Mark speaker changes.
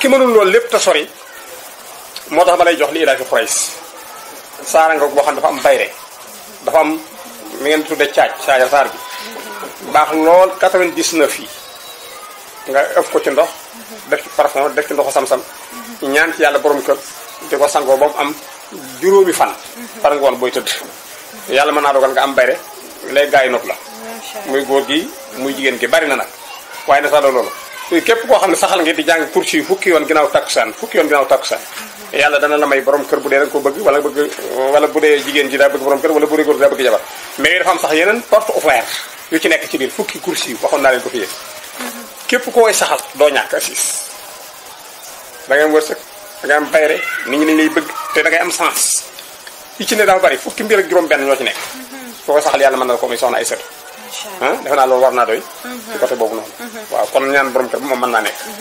Speaker 1: ki mënul lool lépp ta sori moo tax ma lay jox li ilaa fi Quraysh saara nga boo xam dafa am bayre dafa am mi ngeen tudde caaj saaja saar bi baax lool 99 yi nga ëf ko ci ndox def ci parfum def ci ndoxu sam-sam ñaan ci yàlla borom kër di ko sangoo ba mu am juróomi fan par ngoon booy tëdd yàlla mën naa dogal nga am bayre lay gaay nopp la muy góor gi muy jigéen gi bari na nag waaye na sax loolu képp koo xam ne saxal ngeen di jàng kursi fukki yoon ginaaw takusaan fukki yoon ginaaw takusaan yàlla dana la may borom kër bu dee da nga ko bëgg wala bëgg wala bu dee jigéen ji daa bëgg borom kër wala bu dee góor daa bëgg jabar mais dafa am sax yeneen porte ouvert yu ci nekk ci biir fukki kursi waxoon naa leen ko fi yéen képp koo way saxal doo ñàkk assis da ngay am wërsëg da ngay am bayre nit ñi dañ lay bëgg te da ngay am sens yi ci ne daa bari fukki mbir ak juróom benn ñoo ci nekk mhm. koo saxal yàlla mën na ko muy soxna ay sëtu ah defe naa loolu war naa doy.
Speaker 2: Mm-hmm. ci côté boobu noonu. Mm-hmm.
Speaker 1: waaw kon ñaan borom kër moom mën naa nekk. Mm-hmm.